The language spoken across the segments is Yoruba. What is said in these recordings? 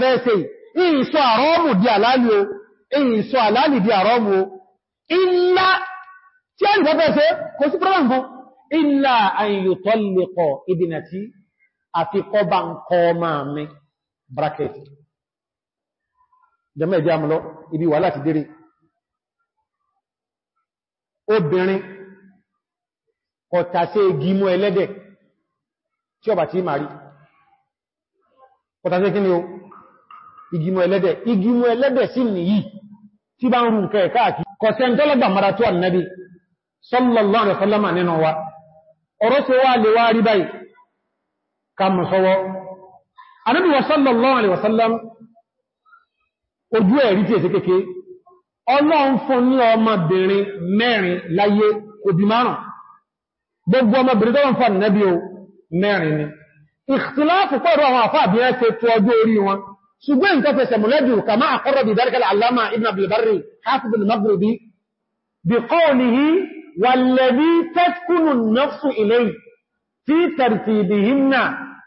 fẹ́ ṣe ìyìn sọ àrọ́mù di àlálì o ìyìn sọ àlálì di àrọ́mù o ìlà tí a nìkan fẹ́ ṣe kò sí problem fún ìlà àyùtọ́ lèkọ̀ ìdìnà tí àfikọ́ bá ń kọ máa mi bracket jẹ́mẹ́ ìdí àmúlọ ibi wà láti dérè obìnrin kọ̀tàṣe gímú ẹlẹ́dẹ̀ tí ọba tí màrí kọ̀tàṣe kí ni o igimu ẹlẹ́dẹ̀ igimu ẹlẹ́dẹ̀ sí nìyí tí bá ń rú nǹkan ẹ̀ká àti kọ̀sẹ̀ tọ́lọ́gbà mara tó ànẹ́bí sallallahu alaihi wasallam nínú wa ọ̀rọ̀ tó wà lè wá rí báyìí ká mọ̀ sọ́wọ́ Ànábì wa sallallahu alaihi wasallam ojú ẹ̀rí tí èsì kéèké Ọlọ́run fún ní ọmọbìnrin mẹ́rin láyé òbí márùn gbogbo ọmọbìnrin tó mẹ́rin ni ìtìláàfù pẹ̀lú àwọn àfáàbí ẹ́ ṣe tó ọjọ́ orí wọn ṣùgbọ́n nǹkan fẹsẹ̀ mọ̀lẹ́jù kàmá àkọ́rọ̀ bí dárkàlá aláma ibn abdulbari hafiz al-maghribi bí qawlihi wàlẹ̀bí tẹ́kùnù nafsu ilé tí tartibihinna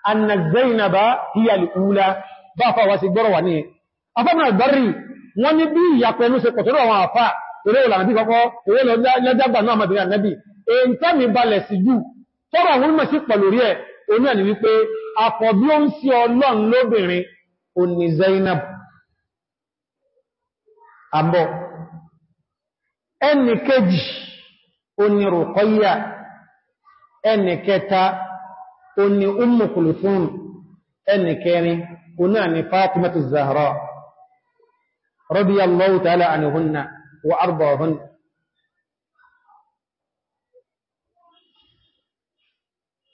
anna zainaba hiya al-ula bá fa wá sí gbọ́rọ̀ wà ní afọ́mọ̀ albari wọ́n ní bí ìyàpẹ̀lú se kọ̀tọ̀rọ̀ àwọn àfá eré ìlànà bí kọ́kọ́ eré lọ́jàgbà náà màbìnrin ànẹ́bì ó ní Zainab àbọ̀ ẹni kejì ó ní Ruqayya ẹni kẹta ó ní Ummu Kulthum ẹni kẹrin ó náà ni Fatimatu Zahra radiyallahu ta'ala anihunna wa ardahunna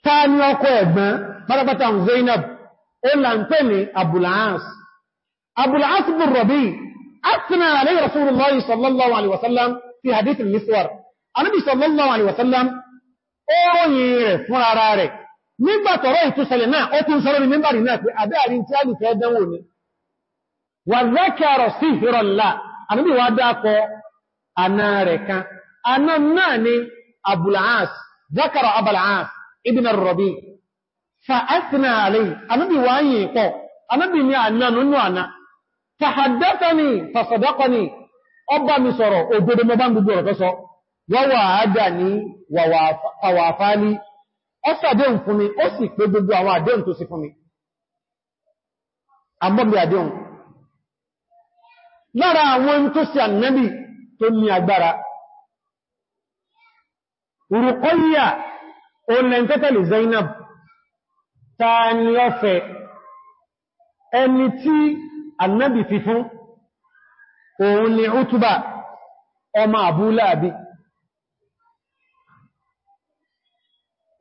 ta ni ọkọ ẹ̀gbọ́n pátápátá Zainab إلا أنتني أبو العاص أبو العاص بن ربيع أثنى عليه رسول الله صلى الله عليه وسلم في حديث المسور النبي صلى الله عليه وسلم أروني فراري nígbà tọ̀rọ ìtúsẹlẹ̀ náà ó tún sọ́rọ̀ ní mímbàrí náà pé àbẹ́ àrí tí a lè fẹ́ dánwò ní wà zákàrọ̀ sí ìfẹ́rọ̀lá àmìbí wà dákọ àna rẹ̀ kan àna náà ni abúlàáns zákàrọ̀ abúlàáns ibn ar-Rabi' fa'atna alayhi anábì wá yìí pọ̀ anábì ni ànánú ni àná fàhàdátani fàsọ̀dákọni ọba mi sọ̀rọ̀ òdodo mọ́ bá ń gbogbo ọ̀rọ̀ tọ́sọ wọ́wà àádà ní wàwàfáàlì ó sàdéhùn fún mi ó sì pé gbogbo àwọn àdéhùn tó sì fún mi àmọ́bí àdéhùn lára àwọn tó sì ànábì tó ní agbára Ruqayya ta ni ọfẹ́ ẹni tí annabi fi fún òun ni Utuba ọmọ Abu Lahabi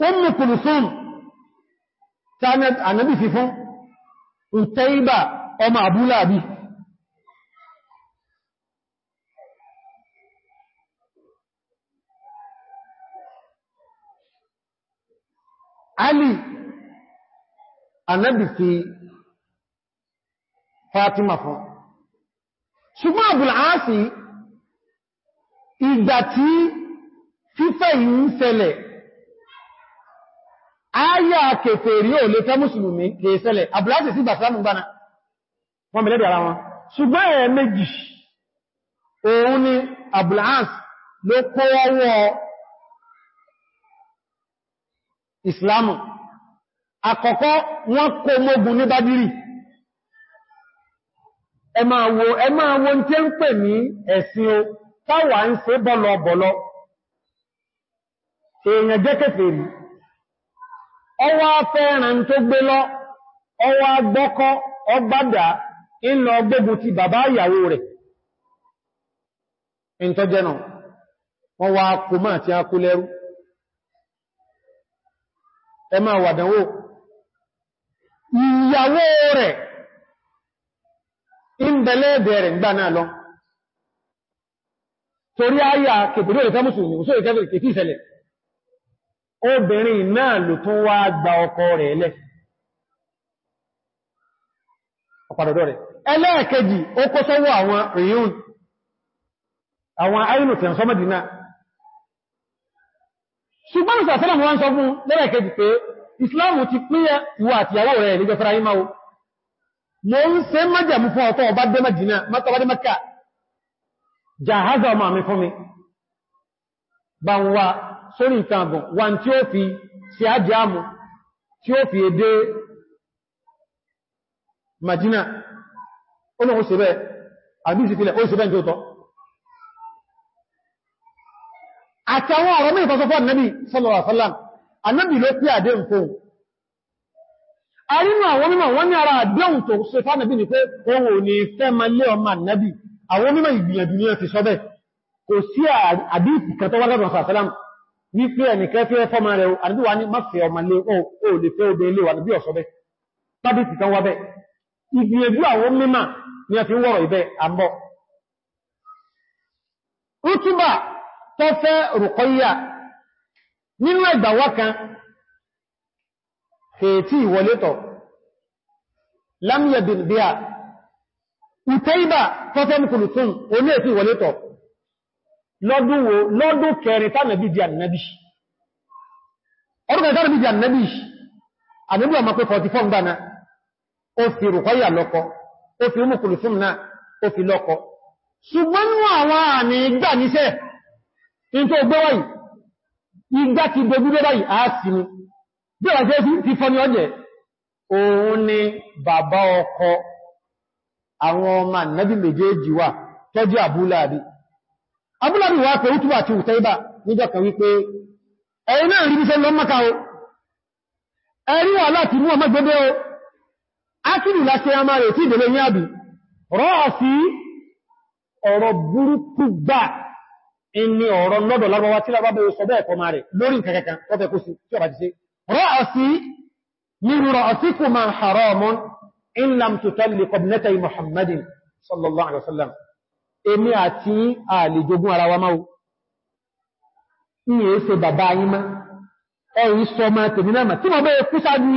Ummu Kulthum ta annabi fi fún Utaiba ọmọ Abu Ali Ànábì fi Fatima fún. Ṣùgbọ́n Abul Aasi, ìgbà tí fífẹ́ yìí ń ṣẹlẹ̀, ayá kèfèrí ò lè fẹ́ Mùsùlùmí kèé ṣẹlẹ̀. Abul Aasi sí Bàṣámù gbána, wọ́n mẹ́lẹ́dì ara wọn. Ṣùgbọ́n ẹ̀ méjì, òun ni Abul Aasi ló kó Ìsìlámù. Akọkọ wọ́n kó mógun ní bádìrí ẹ máa wo ẹ tí ó ń pè ní ẹ̀sìn o táwà ń ṣe bọ́lọ bọ́lọ èèyàn jẹ́ kèfèrí ọwọ́ afẹ́ràn tó gbé lọ ọwọ́ ti bàbá ìyàwó rẹ̀ ìyàwó rẹ̀ ìbẹ̀lẹ́bẹ̀ rẹ̀ gbà náà lọ torí ayà kèbèrè òrìká mùsùlùmí òsòrì kẹfẹ̀rẹ̀ kèfì obìnrin náà gba ọkọ rẹ̀ ẹlẹ́ ọ̀pàdọ̀dọ̀ rẹ̀ ẹlẹ́ẹ̀kejì ó kó sọ́wọ́ àwọn rìyún àwọn ayínú tẹ̀ ṣùgbọ́n ìsàtẹ́lẹ̀ wọn sọ fún pé ìsìláàmù ti pín ìwọ àti ìyàwó rẹ̀ nígbẹ̀ fara ìmáwó mo ń ṣe májàmú fún ọ̀tọ́ ọba dé Mẹ́dínà mọ́tọ̀bá dé Mẹ́kà jàházà ọmọ àmì fún mi bá ń wá sórí ìtàgùn wà tí ó fi sí ájáàmù tí ó fi èdè àtàwọn ọ̀rọ̀ mẹ́ nẹ́bí sallallahu alaihi wasallam anábì ló pí àdé nǹkan arínú àwọn mímọ̀ wọ́n ní ara àdéhùn tó ṣe fánàbí ni pé ohun ò ní fẹ́ ma lé ọmọ ànábì àwọn mímọ̀ ìgbìyànjú ní ọ̀fẹ́ sọ́bẹ̀ kò sí àdíìtì kan tó wágbàgbà sàtàlám wípé ẹnìkan fẹ́ fọ́mọ rẹ̀ àdíbí wa ní má fẹ́ ọmọ lé ó lè fẹ́ obè nínú ẹgbà wákan fèètí ìwọlétọ̀ lámìyàbìn ịba a ìtẹ́ìbà tọ́tẹ́mùkùlù tún oní ètí ìwọlétọ̀ lọ́dún wo lọ́dún kẹrin tánàbí di ànàbí ọdún tánàbí ànàbí ọmọ pé 44 gbána o fi rùkọ́yà lọ́kọ ó fi mùkùlù náà fi lọ́kọ ṣùgbọ́n àwọn àmì ìgbà níṣẹ́ in tó gbọ́wọ́ igbá ti dojúdé báyìí àásì ni bí ọ̀rọ̀ jẹ́ ti fọ́ ní ọjẹ́ òun ni bàbá ọkọ àwọn ọmọ nẹ́bí méjèèjì wà tọ́jú àbúláàbí abúláàbí wà pẹ̀lú túbà ti Utayba níjọ́ kan wípé ẹ̀yìn náà rí o inni ọ̀rọ̀ lọ́dọ̀ lágbàwá tí lábábẹ̀ ó sọ bẹ́ẹ̀ kọ máa rẹ̀ lórí kẹkẹkẹ ọfẹ́ kó sí tí ọba ti ṣe rọ́ ọ̀sí nínú rọ̀ ọ̀sí kò máa haramun in lam tutalli qabnatay muhammadin sallallahu àti ní èése bàbá yín máa tèmi náà tí mo bẹ́ẹ̀ kú sáájú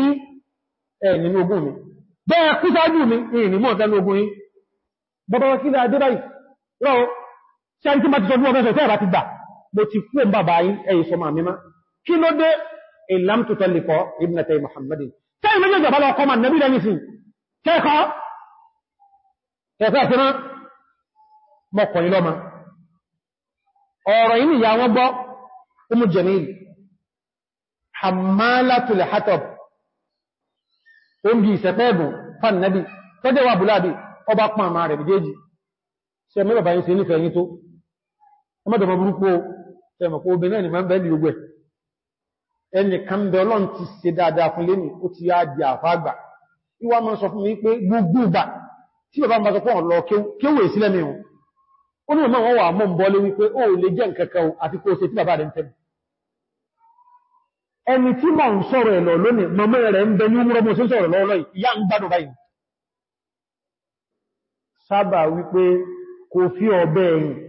ṣe tí ma ti sọ fún ọmọ ẹ̀sẹ̀ ti gbà mo ti kú ọmọ bàbá yìí ẹ̀yìn sọmọ àmìmá kí ló dé ìlàm tó tọ́lẹ̀kọ́ ibnatay Muhammadin tẹ́yìn méjì ìjọba lọ́kọ́ ma nẹ́bí lẹ́yìn sí kẹ́kọ́ ẹ̀fẹ́ ìfẹ́ mọ́kọ̀ ìlọ́mà ọ̀rọ̀ yìí ìyá wọn gbọ́ Umu Jamil hammalatul hatab oúnjẹ ìsẹ̀pẹ́ẹ̀bù fan nabi tọ́jẹ́wà bùláàbì ọba pọ̀ rẹ̀ méjèèjì ṣe mẹ́bàbà yìí sí nífẹ̀ẹ́ yìí tó ọmọdọ̀mọ̀ burúkú o tẹ́mọ̀ kó obìnrin obi máa ń bẹ́ẹ̀lì ogbẹ̀ ẹni kan bẹ ọlọ́n ti ṣe dáadáa fún lẹ́ni ó ti yá di àfágbà ìwà máa sọ fún mi pé gbogbo ìgbà tí bàbá ń bá sọ pọ́n lọ kéwèé sílẹ̀ mi hùn ó ní wípé wípé kò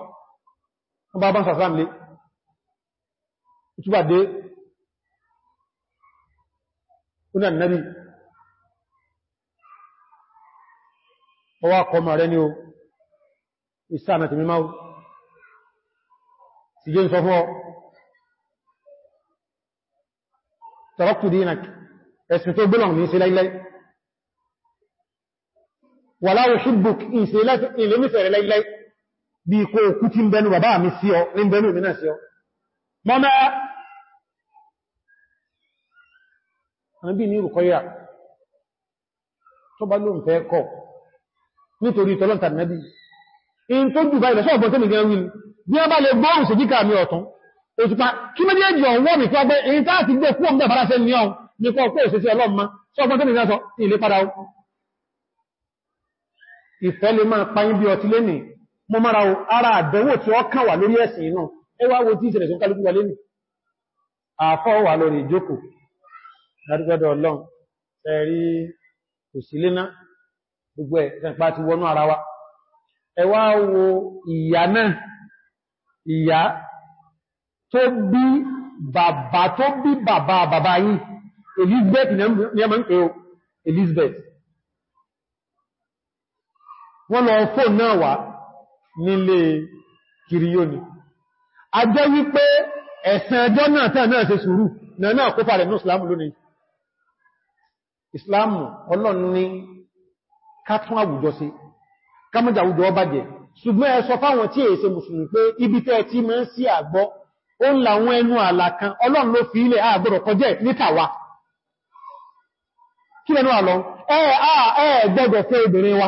wọ́n bá bá ń sàfáàm lé ìtúbàdé oní ànìyàn ọwọ́ akọmọ rẹ ní o ìsáàmì àti mímáwó sì jẹ́ ìsọ fún ọ tọ́rọkù dínàkì ẹ̀sìn tó gbọ́nà ní ìsẹ́lẹ̀ wà láwọ̀ ṣùgbùk ìsẹ́lẹ̀ bí i kó okú tí ń bẹnu bàbá mi sí ọ ní bẹnu mi náà sí ọ mọ́mẹ́ àbí ní ìrùkọ́yà tó bá ló ń fẹ́ kọ́ nítorí tọ́lọ́ntà nẹ́bí in tó jù báyìí lọ́sọ́ ọ̀bọ̀n tó nìgbẹ̀ wí bí a bá lè gbọ́rùn sí jíkà mi ọ̀tún òtùpá kí mẹ́jẹ́ jù ọ̀wọ́ mi pẹ́ in tá ti gbé kú ọmọdé farasẹ́ ní ọ nípa ọkọ̀ òṣèṣẹ́ ọlọ́mọ sọ́gbọ́n tó nìgbẹ̀ sọ ilé padà ìfẹ́ lè máa páyín bí ọtí lénìí mo mara o ara àdánwò tí ó kàn wà lórí ẹ̀sìn iná ẹwà wo tí ìṣẹ̀lẹ̀ tó kálùkù wà lẹ́nu àfọ́ wà lórí ìjókòó dárúgbẹ́dọ̀ ọlọ́run ẹ̀rí òsìléná gbogbo ẹ̀ ìsẹ̀pá ti wọnú ara wa ẹwà wo Elizabeth ni a máa ń pè Elizabeth wọ́n lọ fóòn náà wà nílé kìrìyóní a jẹ́ wípé ẹ̀sìn ẹjọ́ náà tẹ́ náà ṣe sùúrù náà kó fà rẹ̀ ní islamu lónìí islamu ọlọ́run ní kátún àwùjọ sí kámọ́jà àwùjọ ọba jẹ ṣùgbọ́n ẹ sọ fáwọn tí èsẹ mùsùlùmí pé ibi tẹ́ ti mọ́ sí àgbọ́ ó ń làwọn ẹnu àlà kan ọlọ́run ló fi ilẹ̀ àgbọ̀rọ̀ kọjẹ́ nítàwà kí lẹ́nu àlọ́ ẹ̀ẹ́ gbọ́dọ̀ fẹ́ obìnrin wa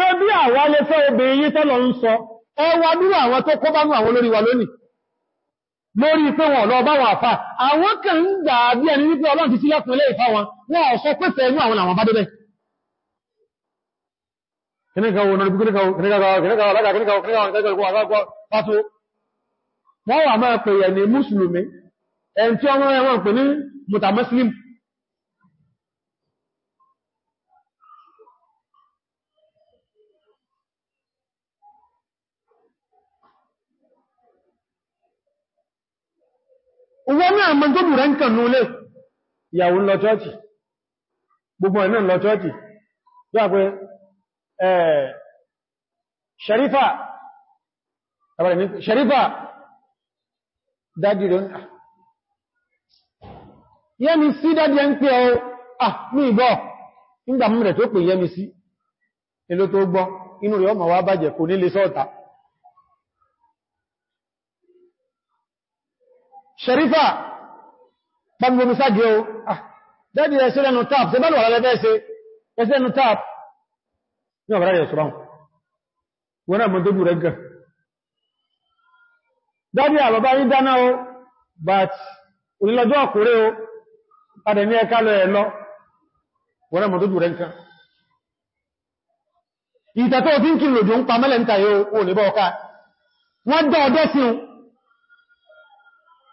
ṣe bí àwa lè fẹ́ obìnrin yí tọ́lọ ń sọ ẹwà dúró àwọn tó kọ́ bá mú àwọn olórí wa lónìí lórí pé wọn lọ bá wọn àfà àwọn kan ń gbà bí ẹni wípé ọlọ́run ti sí ilé ìfà wọn wọn wọ́n owó náà mọ́ tó bùrẹ́ nǹkan nulẹ̀ ìyàwó ń lọ chọ́ọ̀chì gbogbo ẹ̀ náà lọ chọ́ọ̀chì yà pé ṣẹ̀rífà ṣẹ̀rífà rẹ̀ ah. yẹ́mi sí dádì ẹ ń pẹ́ ọ ah ní ìbọ̀ nígbàmú rẹ̀ tó pè yẹ́mi sí ilé tó gbọ́ inú rẹ̀ ọmọ wá bàjẹ́ kò nílé sọ́ọ̀ta ṣerífà gbogbo sáàgì o ah, dẹ́bí ẹ̀ṣẹ́ lẹ́nu tap ṣe bẹ́lú ọ̀rẹ́lẹ́bẹ́ ẹ̀ṣẹ́ ẹ̀ṣẹ́ lẹ́nu tap ní ọ̀bẹ̀rẹ̀ rẹ̀ ṣùgbọ́n wọ́n náà mọ́ tó bú rẹ̀ gẹ̀ dẹ́bí àbàbá yí dáná o but onílọ́jọ́ ọkùnrin o padà ní ẹka wọ́n náà ọdọ́ sí un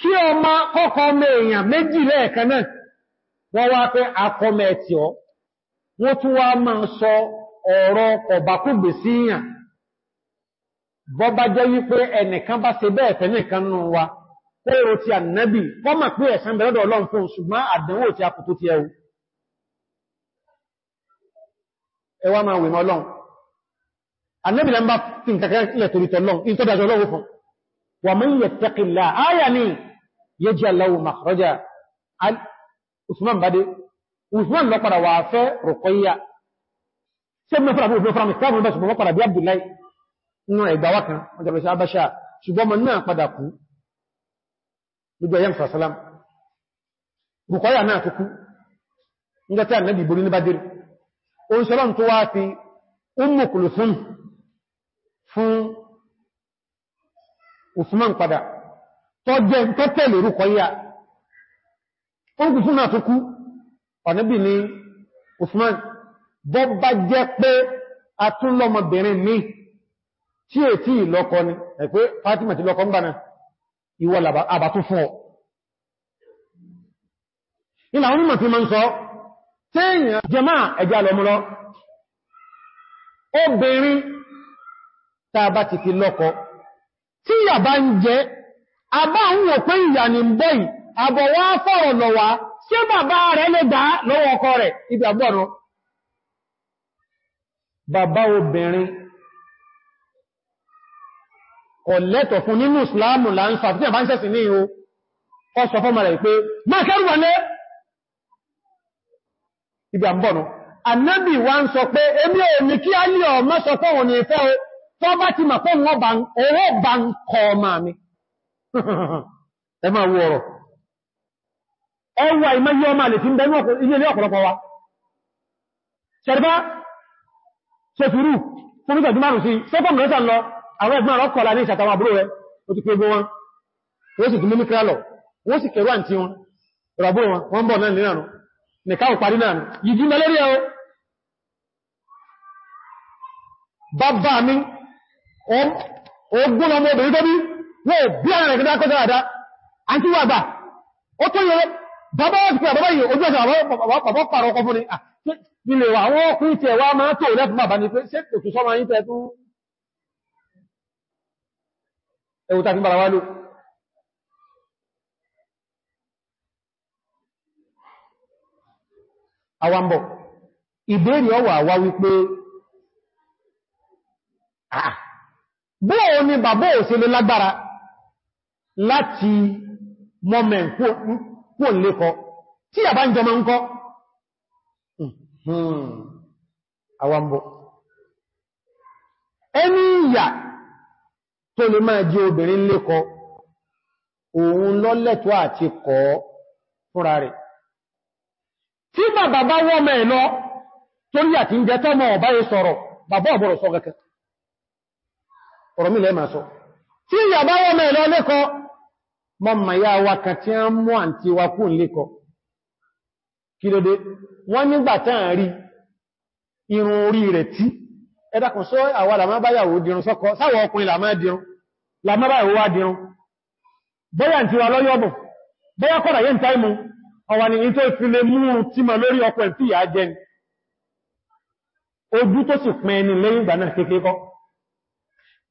kí ma kọ́kọ́ ọmọ èèyàn méjì lẹ́ẹ̀kan náà wọ́n wá pé akọmẹ ẹ̀tì ọ́ wọ́n tún wá máa sọ ọ̀rọ̀ kọ̀bàkúgbè sí èèyàn bọ́bá jẹ́ wípé ẹnìkan bá ṣe bẹ́ẹ̀ fẹ́nìkan nù wa kóòrò ti ànábì wọ́n mọ̀ pé ẹ̀san bẹ̀rẹ̀ ọlọ́run fún ṣùgbọ́n àdánwò ti akùtù ومن يتق الله آية مين يجعل له مخرجا عثمان بدي عثمان لقد وافى رقية سيدنا فرع ابو فرع مكتاب الباشا بمقر ابي عبد الله انه يدواك وجب شعب باشا ṣùgbọ́n mọ̀ náà padà kú gbogbo ẹ̀yẹ́ mùsàlám rùkọ́yà náà tó kú nígbàtí ànábì borí ní bádìrí oúnṣẹ́lọ́n tó wá Usman padà tó jẹ tó tẹ̀lé Ruqayya ó kù súnmà tó kú ọ̀nẹ́bì ni Usman bọ́ bá jẹ́ pé a tún lọ́mọbìnrin tí è ni ẹ̀pẹ́ Fatima ti lọ́kọ ń bá ìwọ ti fi tí ìyà ń jẹ́ abá ń wò pé ìyà ni ń bọ́ yìí àbọ̀wá fọ́rọ̀ lọ́wà bàbá rẹ̀ lè dá lọ́wọ́ ọkọ rẹ̀ ibi àgbọ̀rọ̀ bàbá obìnrin fún nínú islamu láńsọ ní ibi ń sọ pé ò ní kí á ní sọ tó bá ti mà fún owó bá ń kọ ọmọ mi ẹ máa wo ọ̀rọ̀ ọwọ́ ìmọ̀ yíò máa lè fi ń bẹ ní ilé ọ̀pọ̀lọpọ̀ wa ṣẹ̀rẹ̀bá ṣe fìrú fún ìgbẹ̀jú márùn sí sẹ́fọ́n mẹ́ta lọ àwọn ẹgbẹ́ ọ̀rọ̀ kọ̀ọ̀lá ní ìṣàtàwọn àbúrò rẹ̀ ó ti pé gbọ́ wọn wọ́n sì tún mímí kíra lọ wọ́n sì kẹrù àǹtí wọn ìrọ̀bó wọn wọ́n bọ̀ náà nínú nìkáwò parí bàbá mi na ọmọ obìnrin tó bí wọ́n bí ara rẹ̀ kọjá kọjá àdá àti wà bá ó tó yẹ bàbá wọ́n ti pẹ̀ yìí ojú ẹ̀sẹ̀ bàbá pàrọ̀ ọkọ̀ fún ni nílé wà wọ́n kú ìtẹ̀ wá máa tó lẹ́fún bàbá ní pé ṣe bóò ni bàbá òsè lè lágbára láti mọ́mẹ̀ kó lékọ tí àbá ń jọmọ ń kọ́ àwambò ẹni ìyà tó lè máa jẹ obìnrin lékọ òun lọ́lẹ́tọ́ àti kọ́ fúnra rẹ̀ tí bàbá bá wọ́mẹ̀ lọ torí àti ń jẹ tọ́mọ ọ̀bá sọ̀rọ̀ bàbá ọ̀bọ̀rọ̀ sọ kẹ́kẹ́ ọ̀rọ̀ mi lẹ́mà sọ tí ìyà bá wọ́n mẹ́ lọ lẹ́kọ́ mọ́ mà yá wa kà tí a mú àǹtí wa kún lẹ́kọ́ kí lóde wọ́n nígbà tán rí irun orí rẹ̀ tí ẹdàkùn sọ àwa làmá báyàwó dirun sọ́kọ sáwọ ọkùnrin ni tó fi lè mú tí ma lórí ọkọ̀ ẹ̀ tí ìyà ojú tó sì pẹ́ ni lẹ́yìn ìgbà náà kékeré kọ́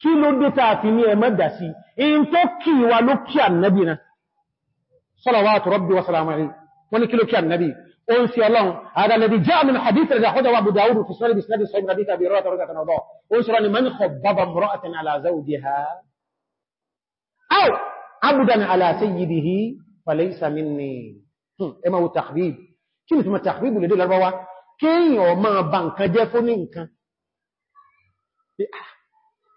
kí ló dé tàà fi ní ẹmọ́ dà sí in tó kí wa ló kí ànàbì na salawatu rabbi wa salamu alayhi wọ́n ni kí ló kí ànàbì o ń sí ọlọ́run adànàbì jẹ́ àmìn hadith rẹ̀ àkọ́dà wa Abu Dawud fi sọ́rọ̀ bisnadi sọ́yìn rabi tàbí rọ́ta rọ́ta tàn ọ̀dọ́ o ń sọ́rọ̀ ni man khabbaba hmm, kí ni tí ma jẹ́ fún ní nǹkan ah,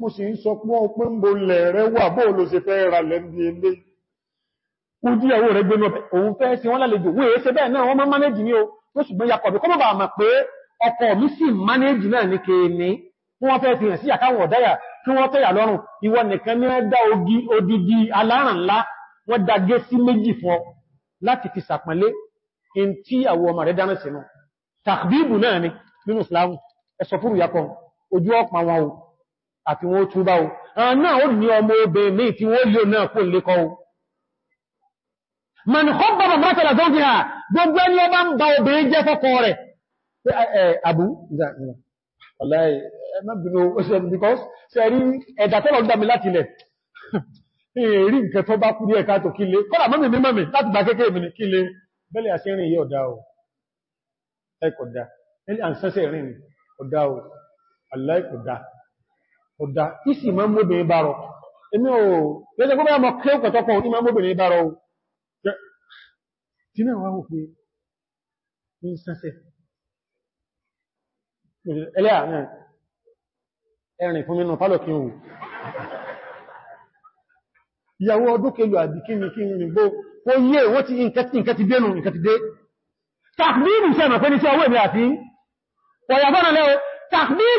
mo sì ń sọ pọ́ pé ń bo lẹ̀ rẹ wà bóò ló ṣe fẹ́ ra lẹ́bí ilé ó díyàwó rẹ̀ gbé mọ́bẹ̀ òun fẹ́ sí wọ́n lálejò wé ṣe bẹ́ẹ̀ náà wọ́n mọ́ mánéjì ní o tó ṣùgbọ́n yakọ̀ bí kọ́mọ̀ bà mà pé ọkọ mi sì mánéjì náà ní kéèní wọ́n fẹ́ fi hàn sí ogi odidi aláràn ńlá wọ́n da gé sí méjì fún ọ láti fi sàpọ́nlé in tí àwọ ni nínú Islam ẹ̀sọ̀ fúrù yakọ̀ ojú ọ̀pá wọn o àti wọ́n tún bá o náà ó ní ọmọ obìnrin ní tí wọ́n lè náà kún lè kọ́ o man khabbara mọ́tàlá tó ń fi hà gbogbo ẹni ọba ń ba obìnrin jẹ́ fọ́kọ rẹ̀ àbú èrí nǹkan tó bá kú ní ẹ̀ká tó kílé kọ́lá mọ́mí mi mọ́mí láti gbà kéèkéè mi ní kílé bẹ́lẹ̀ àṣẹ́rin yìí ọ̀dá o ẹkọ̀dá ẹlẹ́ àṣẹ́sẹ̀ rìn ọ̀dá o aláìkọ̀dá ọ̀dá ìsì máa ń mọ́bìnrin bá rọ inú lẹ́jẹ́ gbọ́nà ọmọ kí ó pẹ̀tọ́kọ̀ ní máa ń mọ́bìnrin bá rọ o tí náà wá wò pé ní sẹ́sẹ̀ ẹlẹ́ àárín ẹ̀rìn fún mínú pálọ̀ kí ó wù ìyàwó ọdún kelu àbí kí ni kí ni gbó ó yé wọ́n ti nǹkan ti dénú nǹkan lẹ́wọ́ tàbíìrù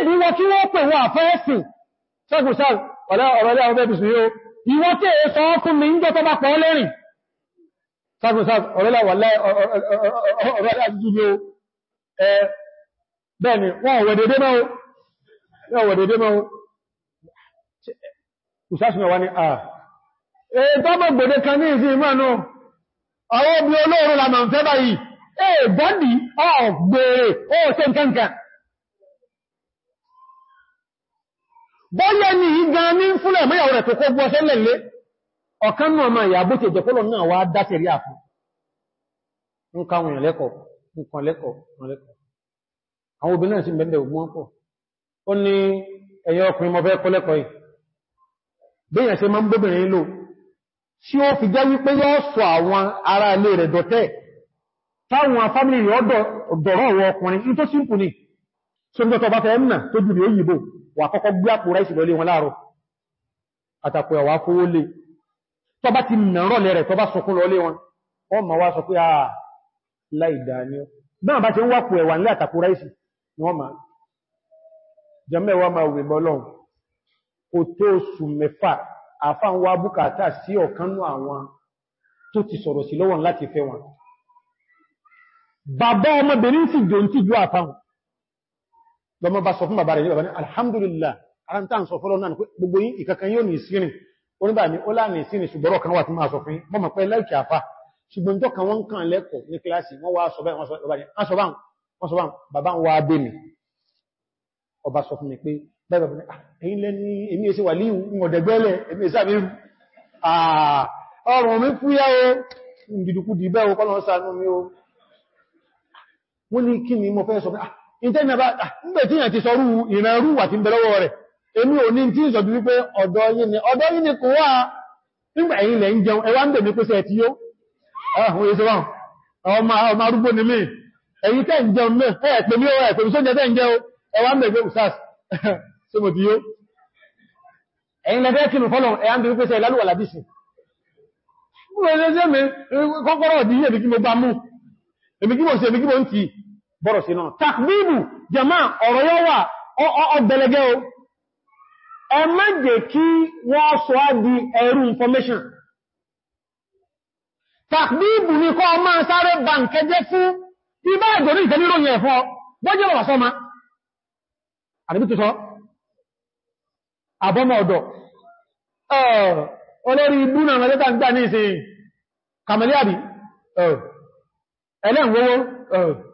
wọ́n kí wọ́n pè wọ́n àfẹ́ẹ̀sìn ṣẹ́gùn sáà ọ̀rẹ́ ọ̀rẹ́lẹ́ ọmọ ẹbùsùn yóò ìwọ tí è sọ fún mi ń jọ tọba pọ̀ lẹ́rìn ṣẹ́gùn sáà ọ̀rẹ́lẹ́ ọ̀rẹ́lẹ́ àjíjú yóò bẹ́ẹ̀ni wọ́n wẹ̀dẹ̀dẹ́ mọ́ wẹ̀dẹ̀dẹ́ mọ́ ìṣàṣùn wà ní à ẹ̀ẹ́tọ́mọ̀ gbòdé kan ní ìsìn ìmọ̀nà àwọn obì olóòrùn làmà ń bọ́yẹ́ ni igan ní fúnlẹ̀ mẹ́yàwó rẹ̀ tó kó gbọ́ sẹ́lẹ̀ lé ọ̀kan náà máa yà bó ti jẹ́ kọ́lọ̀ náà wá dátẹ̀rí àfún ń káwọn èèyàn lẹ́kọ̀ọ́ nǹkan lẹ́kọ̀ọ́ àwọn obìnrin náà sí mẹ́lẹ̀ ogun pọ̀ ó ní ẹ̀yẹ ọkùnrin mọ́fẹ́ kọ́ lẹ́kọ̀ọ́ yìí bẹ́yàn ṣe máa ń bóbìnrin lò tí ó fi ń gbọ́tọ̀ bá fẹ́ wà kọ́kọ́ gbé àpò ráìsì lọlé wọn láàrọ̀ àtàpò ẹ̀wà fówó lè tó bá ti nàrọ̀ lẹ́rẹ̀ tó bá sọkún lọlé wọn ọ ma wá sọ pé à ah, láìdáni náà bá ti ń wápò ẹ̀wà nílé àtàpò ráìsì ni wọ́n ma jẹmẹ́wà ma wè mọ́lọ́n kò tó oṣù mẹ́fà bàbá ọmọbìnrin sì jò ń tìjú àfáhùn lọ́mọ bá sọ fún bàbá rẹ̀ bàbá ní alhamdulillah ara ta ń sọ fọ́lọ́ náà gbogbo yí ìkankan yóò ní ìsìnrin oníbà ní ó láàrin ìsìnrin ṣùgbọ́rọ̀ kan wà tí máa sọ fún mọ́mọ̀ pẹ́ láìkì àfá ṣùgbọ́n tó kan wọ́n kàn lẹ́kọ̀ọ́ ní kíláàsì wọ́n wá sọ bàbá wá bè mí ọba sọ fún mi pé bàbá ní ah, ẹ̀yin lẹ́ni èmi èsì wà líhù ń ọ̀dẹ̀gbẹ́lẹ̀ èmi èsì àmì ah, ọ̀rùn mi fúyá o ìdìdùkú dìbẹ́ o kọ́lọ̀ sàánú mi o wọ́n ní kí ni mo fẹ́ sọ fún ìtẹ́nàbá ah, nígbẹ̀ tí yàn ti sọ ìrìnrú wà tí ń bẹ̀lọ́wọ́ rẹ̀ èmi ò ní tí ń sọ̀dú wípé ọ̀dọ̀ yìí ni ọ̀dọ̀ ni kò wá nígbà ẹ̀yìn lẹ̀ ń jẹun ẹwà ń bẹ̀ mí pèsè ẹ̀tí yó ah, ọmọ arúgbó ni mí èyí tẹ́ ń jẹun mẹ́ ẹ̀pẹ̀ mí ọwọ́ ẹ̀pẹ̀ mí sóúnjẹ tẹ́ ń jẹun ẹwà ń bẹ̀ gbé usas sí mo ti yó ẹ̀yìn lẹ́fẹ́ kí nùfọ́lọ̀ ẹ̀yà ń bẹ̀ pèsè ìlàlúwà làbísì kọ́kọ́rọ̀ ọ̀dí yìí bọ́rọ̀ sí náà takbíbù jẹma ọ̀rọ̀ yọ wà ọ̀bẹ̀lẹ̀gẹ́ o ẹ má kí wọ́n sọ á di ẹ̀rù information takbíbù ní kọ́ ọmọ sáré bankẹjẹ́ fún ibá ìgbòrí ìtẹ́léròyìn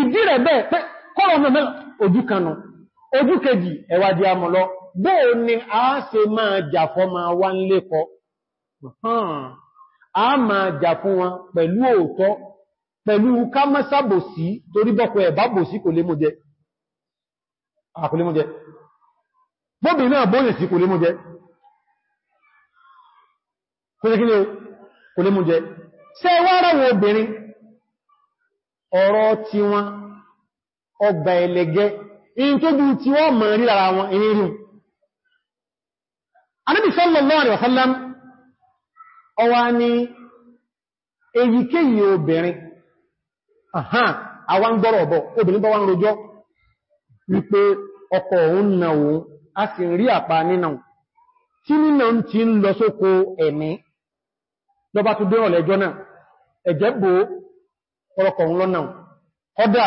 ìdí rẹ̀ bẹ́ẹ̀ pé kọ́rọ̀ mẹ́mẹ́ ojú kanù ojú kejì ẹwàdí amọ̀lọ bẹ́ẹ̀ ni a ṣe máa jà fọ́ ma wá ń lékọ́ a máa jà fún wọn pẹ̀lú òótọ́ pẹ̀lú kámọ́sàbòsí torí bọ́kọ̀ si kò kò wá ráwọ̀ obìnrin ọ̀rọ̀ tí wọn ọgbà ẹlẹ́gẹ́ in tó bí tí wọ́n mọ̀ rí lára wọn ìrìn Ànábì sallallahu alaihi wasallam ọwá ní èyíkéyìí obìnrin àhán àwọn gbọ́rọ̀ ọ̀bọ̀ obìnrin bọ́ wá ń wípé ọkọ òun nà a rí ọ̀rọ̀kọ̀ ń lọ́nà ọdá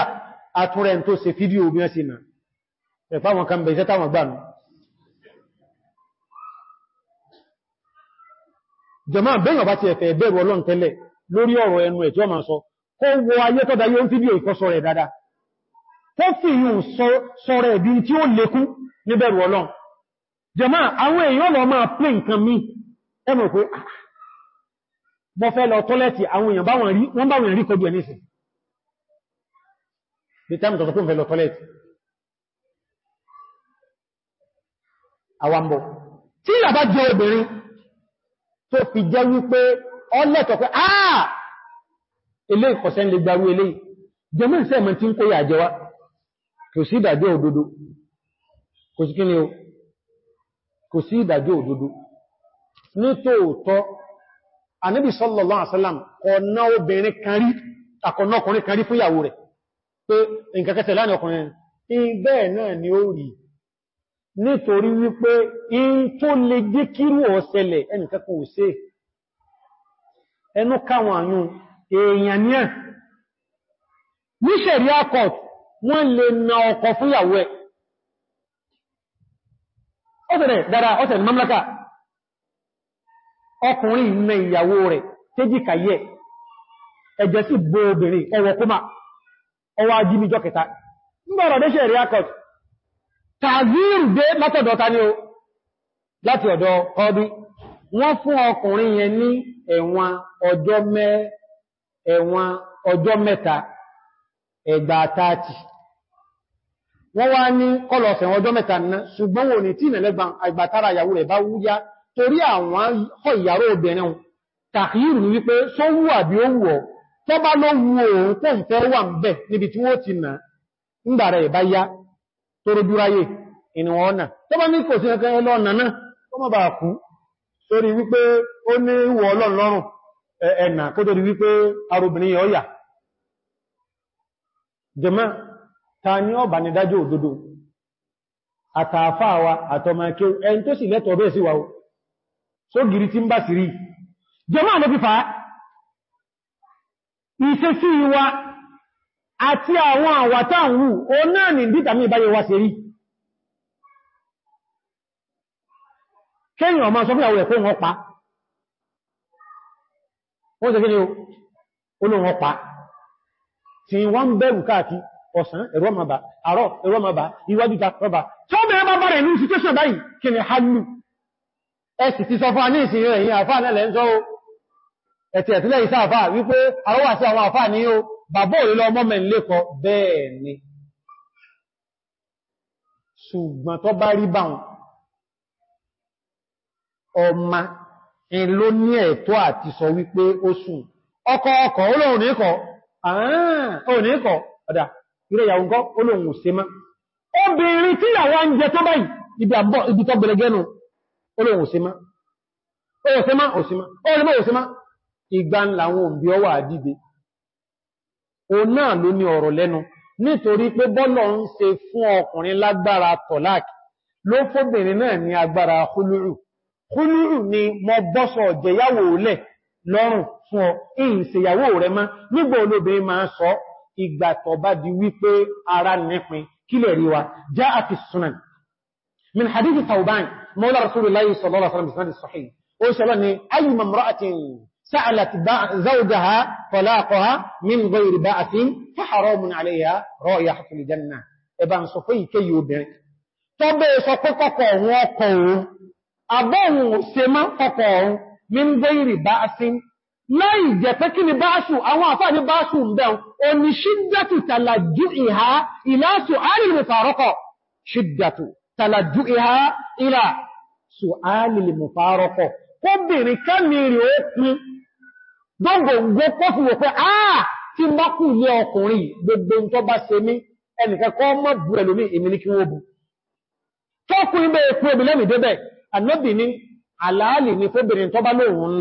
àtúrẹ̀ tó ṣe fídíò bí wọ́n sí ma ẹ̀fà wọn kan bẹ̀ẹ̀ sẹ́tàwọn gbà nù jọmọ́ bẹ́yàn bá ti ẹ̀fẹ̀ bẹ̀rù ọlọ́n tẹ́lẹ̀ lórí ọ̀rọ̀ ẹnu ẹ̀ tí ó máa sọ kó wọ ayé tọ́dá yóò fídíò mo fẹ́ lọ tọ́lẹ̀tì àwọn èèyàn báwọn rí wọ́n báwọn rí kọjú ẹni sí the time tọ́tọ́ fún fẹ́ lọ tọ́lẹ̀tì àwambọ̀ tí ìlàbá jẹ́ obìnrin tó fi jẹ́ wípé ọlẹ́tọ̀ pé àà ilé ìkọ̀sẹ́ lè gbarú ilé jẹmọ́ o kò sí ìdàjọ́ anibi sallallahu alaihi wasallam ọ̀nà obìnrin kan rí àkọ̀nà ọkùnrin kan rí fún ìyàwó rẹ̀ pé ìkẹ́kẹ́sẹ̀ láàrin ọkùnrin náà ni ó rí nítorí wípé in tó lè jẹ́ kírù ọ̀sẹ̀lẹ̀ ẹnìkẹ́kùn na ọkùnrin mẹ ìyàwó rẹ̀ tẹ́jìkàyẹ ẹ̀jẹ̀ sí bó obìnrin ẹwọ kúmà ọwọ́ ajímijọ́ kẹta mọ́rọ̀ dẹ́ṣẹ̀ rí akọ̀t tàzírù dé látọ̀dọ̀ ní láti ọ̀dọ̀ ọbí wọ́n fún ọkùnrin yẹn ní ẹ̀wọ̀n ọjọ́ mẹ́ta ẹgbà tààtì wọ́n wá ní ọjọ́ mẹ́ta ṣùgbọ́n wò torí àwọn ọ̀ ìyàró obìnrin tàkìírù ní wípé só wù àbí ó wù ọ́ tó bá ló wù òun kó ń fẹ́ wà ń bẹ̀ níbi tí wọ́n ti nà ń dàrẹ ìbáyá tó rójúráyè ìníwọ̀n ọ̀nà tó bá ní kò sí ẹkẹ́ lọ́nà náà so giri tí ń bá sì rí jẹmọ́ àmì fífà ìṣẹ́ sí ìwà àti àwọn o náà ní dítàmí ìbáyé wa sí rí kéyàn ọmọ sọ́fún àwọn ẹ̀kọ́ wọn wọ́n sọ kíni olóòwọ́n tí wọ́n bẹ̀rù káàkiri ọ̀sán ẹ̀rọ mọ̀bà àárọ̀ ẹ̀rọ mọ̀bà ìwájúta rọ́bà bá bá ẹ̀sì ti sọ fún ní ìsìn rẹ̀ yìí àfáà nẹ́lẹ̀ ń sọ o ẹ̀tì ẹ̀tílẹ̀ ìsá àfáà wípé àwọ́wà sí àwọn àfáà ní o bàbá òrìlọ ọmọ mẹ́rin lẹ́kọ bẹ́ẹ̀ ni ṣùgbọ́n tó bá rí báun ọmọ in ló ní ẹ̀tọ́ àti sọ wípé ó sùn ọkọ ọkọ olóhùn níkọ obìnrin tíyàwó ń jẹ tó báyìí ibi tó gbẹ̀lẹ̀gẹ́nu olóhun òsímá òsímá òsímá olùmọ́ òsímá ìgbà ńláwọn òbí ọwà àdíde o náà ló ní ọ̀rọ̀ lẹ́nu nítorí pé bọ́lọ̀ ń ṣe fún ọkùnrin lágbára tọ̀láàkì ló fóbìnrin náà ní agbára húlúrù húlúrù ni mọ bọ́sọ̀ jẹyàwó lẹ̀ lọ́rùn fún ọ ìyìnsẹ̀yàwó rẹ̀ má nígbà olóbìnrin máa sọ ìgbà tó bá di wípé ara nípin kílẹ̀ já àti sunan min hadithi tauban مولى رسول الله صلى الله عليه وسلم بسند الصحيح وشلني أي امرأة سألت زوجها طلاقها من غير بأس فحرام عليها رائحة الجنة ابن صفي كيوبين tọ́bẹ̀ sọ pé kọ́kọ̀ òun ọkọ̀ òun àbọ́hùn se má kọ́kọ̀ òun ní ń gbé ìrì bá sí láì jẹ́ pé kí ni báṣù àwọn àfáà ní báṣù ń bẹ̀rún oní ṣídàtù tàlàjú ìhá ìlàṣù àrìnrìn fàárọ́kọ̀ ṣídàtù tàlàjúìhá ìlà ṣùhánìlì mùfárọ́kọ̀ kó bèèrè kẹ́mìrì ó kún gbogbogbò kó fi wò pé àà tí bá kú ilé ọkùnrin gbogbo tó bá ṣe mí ẹnìkẹ́kọ́ mọ́ bú ẹlòmí ìmìnì kí wọ́n bú tó kú ibẹ̀ ikú obì lẹ́mì débẹ̀ ànábì ní àlàálì ní fóbìnrin tó bá lóòrùn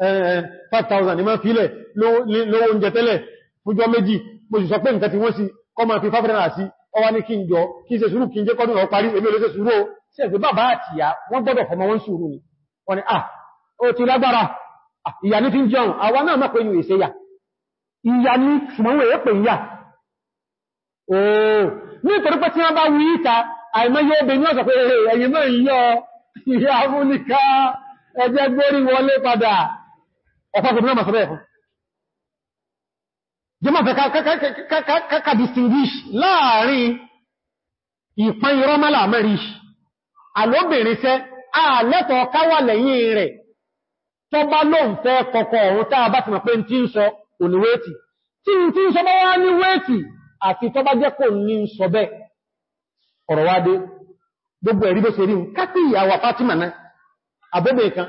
5,000 eh, ni máa fílẹ̀ lówó oúnjẹ tẹ́lẹ̀ fújọ méjì mo sì sọ pé nǹkan tí wọ́n sí kọ́ máa fi fáfẹ́rẹ́rà sí ọwá ní kí n jọ kí ṣe sùúrù kí n jẹ́ kọ́dún ọ̀ parí olóṣẹ́ sùúrù sí ẹ̀fẹ́ bàbá àti ìyá wọ́n gbọ́dọ̀ fọmọ wọn sùúrù ni wọ́n ni ah ó ti lágbára ìyá ní fi ń jẹun àwa náà mọ̀ inú ooo pé tí wọ́n bá wí ìta obè ní ọ̀sọ̀ pé ẹ̀yìn ìyá ẹjẹ́ gbórí wọlé ọ̀pọ̀gbọ̀n náà sọ bẹ́ẹ̀kùn jẹ́mọ̀ fẹ́ kákà distinguish láàrin ka ka mẹ́rin alóbìnrin ka ààlẹ́tọ̀ káwà lẹ́yìn rẹ̀ tó bá lóun fẹ́ kọ̀kọ̀ ọ̀run tàà bá ti mọ̀ pé tí ń sọ òní wéètì tí ń tí ń sọ bá wá ní àti tó bá jẹ́ kò ní ń sọ bẹ́ẹ̀ gbogbo ẹ̀rí bó ṣe rí kákì ìyàwó Fatima náà àbóbẹ̀ kan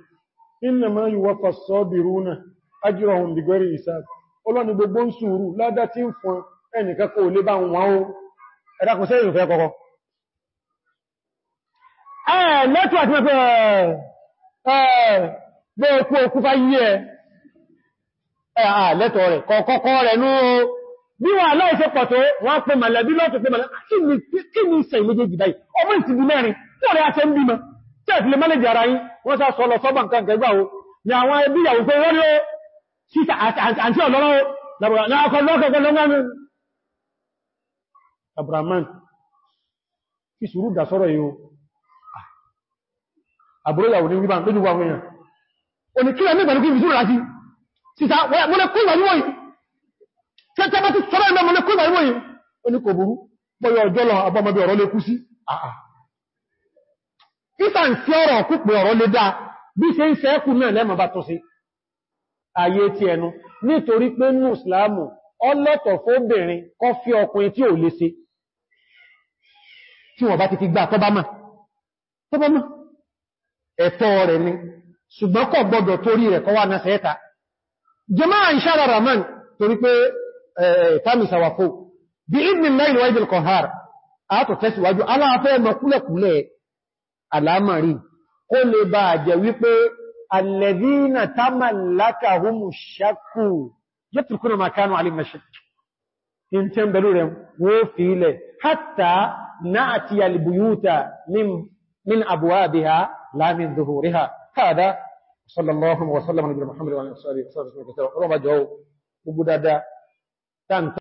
innama yuwaffa as-sabiruna ajrahum bighayri hisab ọlọ́ni gbogbo ń sùúrù ládá tí ń fún ẹnìkan kò lè bá wọn ó ẹ̀dàkùn sí ìrùfẹ́ kọ́kọ́ ẹ̀ẹ̀lẹ́tù àti mẹ́fẹ́ ẹ̀ẹ̀gbẹ́ okú okú fáyí ẹ ẹ̀ẹ̀lẹ́tọ̀ rẹ̀ kọ̀ọ̀kọ́ rẹ̀ ní bí wọ́n aláìsẹ́ pọ̀ tó wọ́n pè màlẹ̀bí lọ́tọ̀ pé màlẹ̀bí kí ni sẹ̀ méjèèjì báyìí ọmọ ìsìnkú mẹ́rin tí ọ̀rẹ́ àṣẹ ń bímọ tẹ́ẹ̀fì lè mẹ́lẹ̀jì ara yìí wọ́n sá sọ lọ sọ́bà nǹkan kẹgbà o ni àwọn ẹbí ìyàwó pé wọ́n ní ó síta àti ọ̀lọ́rọ̀ lábùrà náà kọ́ lọ́kẹ́kẹ́ lọ́gbàmí abraman fi sùúrù dà sọ́rọ̀ yìí o àbúrò ìyàwó ní wíbá lójú wa wọ́nyàn òní kílẹ̀ ní ìgbàlùkú ìbìsúrù láti síta mọ́lẹ̀ kún ìgbàlú wọ̀nyí tẹ́tẹ́ bá ti sọ́rọ̀ ìgbà mọ́lẹ̀ kún ìgbàlú wọ̀nyí ó ní kò burú pọ́yọ ọjọ́ lọ abọ́mọbí ọ̀rọ̀ lè kú sí àà ìtà ń tí ọ̀rọ̀ kúpẹ̀ ọ̀rọ̀ lè dáa bí ṣe ń sẹ́ẹ̀kù náà lẹ́mọ̀ bá tọ́sí ayé ti ẹnu nítorí pé ní ìsìláàmù ọlọ́tọ̀ fóbìnrin kọ́ fí ọkùnrin tí ò lè ṣe tí wọ́n bá ti fi gbà tọ́bámà tọ́bámà ẹ̀tọ́ rẹ̀ ni ṣùgbọ́n kò gbọdọ̀ torí rẹ̀ kọ́ wá náà sẹ́ẹ̀ta jama'a alámàrí kó lè bá jẹ wípé alladhina tamallakuhumu shakku yatrukuna ma kanu alayhi mashakk in tẹ́ bẹ̀rù rẹ̀ wó fi ilẹ̀ hatta na'tiya al-buyuta min abwabiha la min dhuhuriha kada sallallahu wa sallam ala